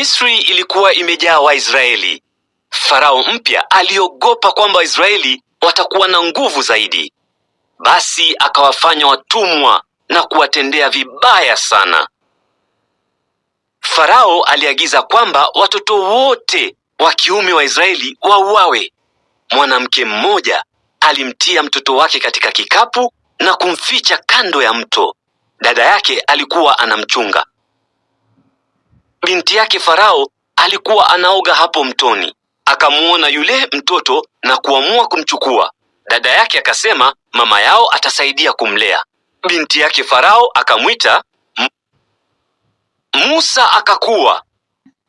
Misri ilikuwa imejaa Waisraeli. Farao mpya aliogopa kwamba Waisraeli watakuwa na nguvu zaidi, basi akawafanya watumwa na kuwatendea vibaya sana. Farao aliagiza kwamba watoto wote wa kiume wa Israeli wauawe. Mwanamke mmoja alimtia mtoto wake katika kikapu na kumficha kando ya mto. Dada yake alikuwa anamchunga. Binti yake Farao alikuwa anaoga hapo mtoni, akamuona yule mtoto na kuamua kumchukua. Dada yake akasema mama yao atasaidia kumlea. Binti yake Farao akamwita Musa. Akakuwa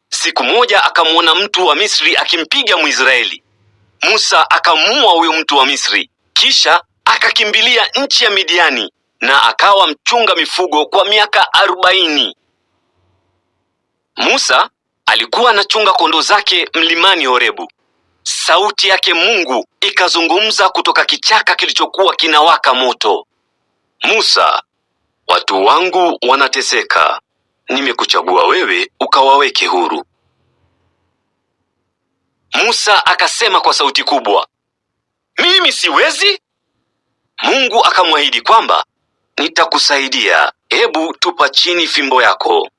siku moja, akamwona mtu wa Misri akimpiga Mwisraeli. Musa akamuua huyo mtu wa Misri, kisha akakimbilia nchi ya Midiani na akawa mchunga mifugo kwa miaka arobaini. Musa alikuwa anachunga kondoo zake mlimani Horebu. Sauti yake Mungu ikazungumza kutoka kichaka kilichokuwa kinawaka moto. Musa, watu wangu wanateseka. Nimekuchagua wewe ukawaweke huru. Musa akasema kwa sauti kubwa, mimi siwezi. Mungu akamwahidi kwamba nitakusaidia. Hebu tupa chini fimbo yako.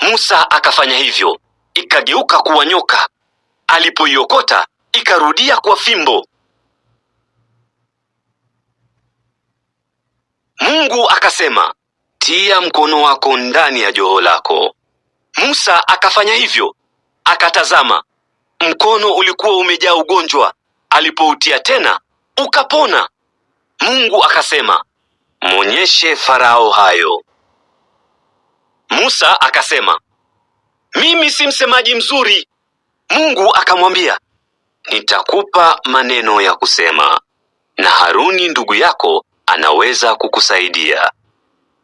Musa akafanya hivyo, ikageuka kuwa nyoka. Alipoiokota ikarudia kwa fimbo. Mungu akasema, tia mkono wako ndani ya joho lako. Musa akafanya hivyo, akatazama, mkono ulikuwa umejaa ugonjwa. Alipoutia tena ukapona. Mungu akasema, mwonyeshe Farao hayo. Musa akasema, mimi si msemaji mzuri. Mungu akamwambia, nitakupa maneno ya kusema na Haruni ndugu yako anaweza kukusaidia.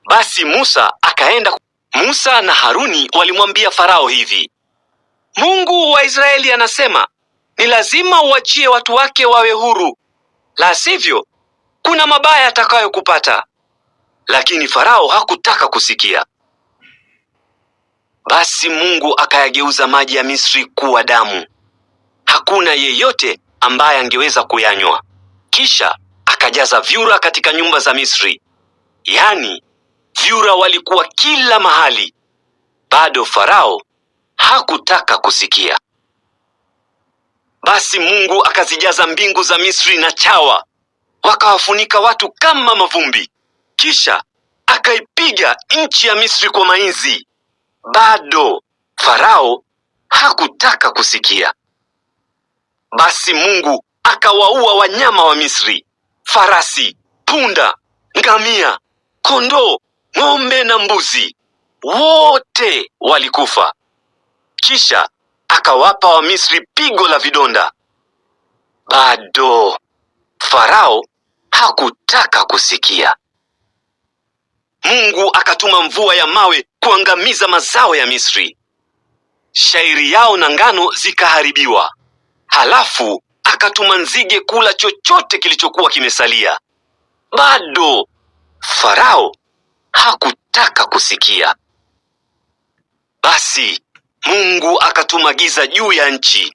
Basi Musa akaenda. Musa na Haruni walimwambia Farao hivi, Mungu wa Israeli anasema ni lazima uachie watu wake wawe huru, la sivyo kuna mabaya atakayokupata. Lakini Farao hakutaka kusikia. Basi Mungu akayageuza maji ya Misri kuwa damu, hakuna yeyote ambaye angeweza kuyanywa. Kisha akajaza vyura katika nyumba za Misri, yaani vyura walikuwa kila mahali. Bado Farao hakutaka kusikia. Basi Mungu akazijaza mbingu za Misri na chawa, wakawafunika watu kama mavumbi. Kisha akaipiga nchi ya Misri kwa mainzi bado Farao hakutaka kusikia. Basi Mungu akawaua wanyama wa Misri, farasi, punda, ngamia, kondoo, ng'ombe na mbuzi, wote walikufa. Kisha akawapa Wamisri pigo la vidonda. Bado Farao hakutaka kusikia. Mungu akatuma mvua ya mawe kuangamiza mazao ya Misri. Shairi yao na ngano zikaharibiwa. Halafu akatuma nzige kula chochote kilichokuwa kimesalia. Bado Farao hakutaka kusikia. Basi Mungu akatuma giza juu ya nchi,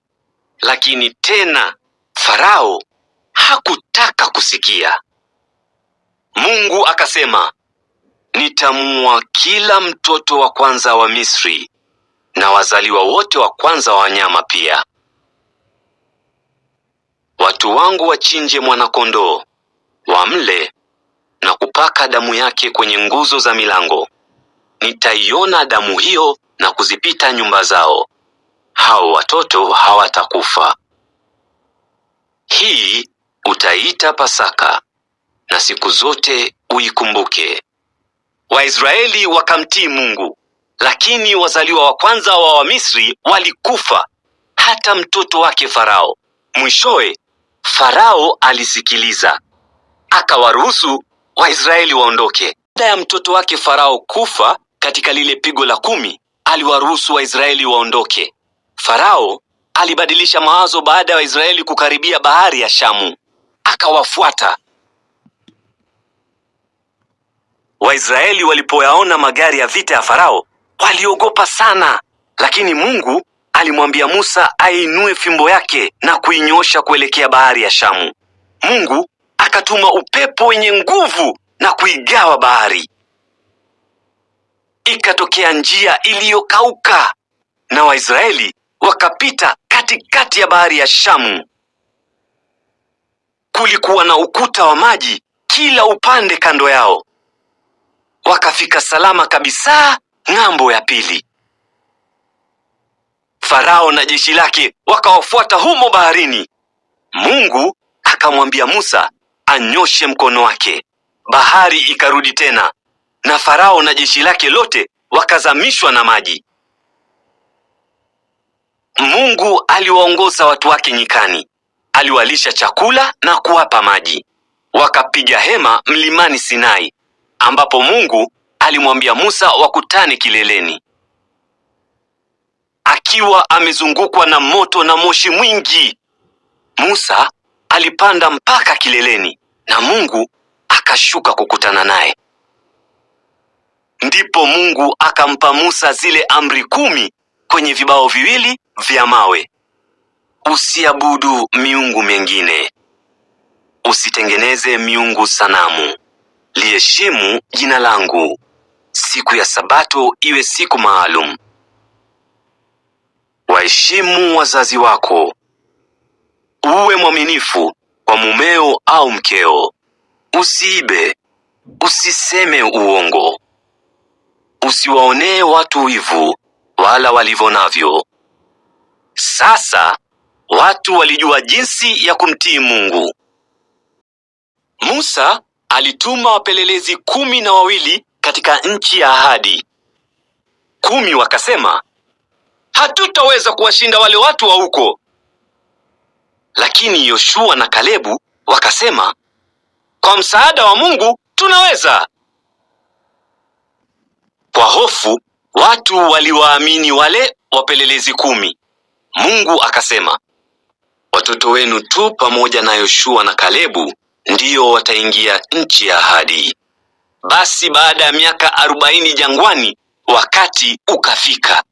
lakini tena Farao hakutaka kusikia. Mungu akasema, nitamua kila mtoto wa kwanza wa Misri na wazaliwa wote wa kwanza wa wanyama pia. Watu wangu wachinje mwanakondoo, wamle na kupaka damu yake kwenye nguzo za milango. Nitaiona damu hiyo na kuzipita nyumba zao. Hao watoto hawatakufa. Hii utaiita Pasaka, na siku zote uikumbuke. Waisraeli wakamtii Mungu, lakini wazaliwa wa kwanza wa Wamisri walikufa, hata mtoto wake Farao. Mwishowe Farao alisikiliza, akawaruhusu Waisraeli waondoke. Baada ya mtoto wake Farao kufa katika lile pigo la kumi, aliwaruhusu Waisraeli waondoke. Farao alibadilisha mawazo baada ya Waisraeli kukaribia bahari ya Shamu, akawafuata. Waisraeli walipoyaona magari ya vita ya Farao waliogopa sana, lakini Mungu alimwambia Musa ainue fimbo yake na kuinyosha kuelekea bahari ya Shamu. Mungu akatuma upepo wenye nguvu na kuigawa bahari, ikatokea njia iliyokauka na Waisraeli wakapita katikati ya bahari ya Shamu. Kulikuwa na ukuta wa maji kila upande kando yao wakafika salama kabisa ng'ambo ya pili. Farao na jeshi lake wakawafuata humo baharini. Mungu akamwambia Musa anyoshe mkono wake, bahari ikarudi tena, na Farao na jeshi lake lote wakazamishwa na maji. Mungu aliwaongoza watu wake nyikani, aliwalisha chakula na kuwapa maji. Wakapiga hema mlimani Sinai ambapo Mungu alimwambia Musa wakutane kileleni akiwa amezungukwa na moto na moshi mwingi. Musa alipanda mpaka kileleni na Mungu akashuka kukutana naye. Ndipo Mungu akampa Musa zile amri kumi kwenye vibao viwili vya mawe: usiabudu miungu mingine, usitengeneze miungu sanamu, liheshimu jina langu. Siku ya Sabato iwe siku maalum. Waheshimu wazazi wako. Uwe mwaminifu kwa mumeo au mkeo. Usiibe. Usiseme uongo. Usiwaonee watu wivu wala walivyo navyo. Sasa watu walijua jinsi ya kumtii Mungu. Musa Alituma wapelelezi kumi na wawili katika nchi ya ahadi. Kumi wakasema hatutaweza kuwashinda wale watu wa huko, lakini Yoshua na Kalebu wakasema kwa msaada wa Mungu tunaweza. Kwa hofu watu waliwaamini wale wapelelezi kumi. Mungu akasema, watoto wenu tu pamoja na Yoshua na Kalebu ndiyo wataingia nchi ya ahadi. Basi baada ya miaka arobaini jangwani, wakati ukafika.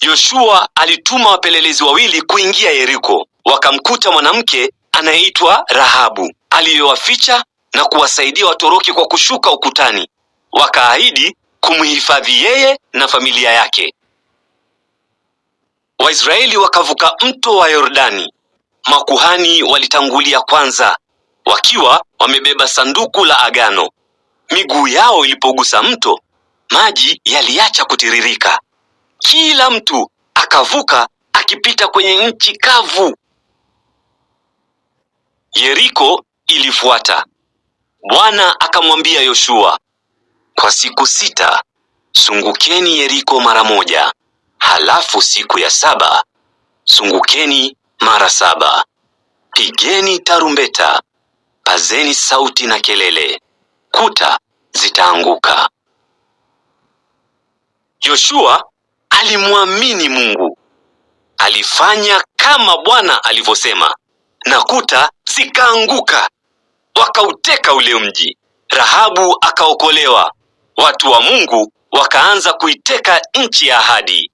Yoshua alituma wapelelezi wawili kuingia Yeriko, wakamkuta mwanamke anayeitwa Rahabu aliyowaficha na kuwasaidia watoroke kwa kushuka ukutani. Wakaahidi kumhifadhi yeye na familia yake. Waisraeli wakavuka mto wa Yordani makuhani walitangulia kwanza, wakiwa wamebeba sanduku la agano. Miguu yao ilipogusa mto, maji yaliacha kutiririka. Kila mtu akavuka akipita kwenye nchi kavu. Yeriko ilifuata. Bwana akamwambia Yoshua, kwa siku sita sungukeni Yeriko mara moja, halafu siku ya saba sungukeni mara saba. Pigeni tarumbeta, pazeni sauti na kelele, kuta zitaanguka. Yoshua alimwamini Mungu, alifanya kama Bwana alivyosema, na kuta zikaanguka. Wakauteka ule mji, Rahabu akaokolewa. Watu wa Mungu wakaanza kuiteka nchi ya ahadi.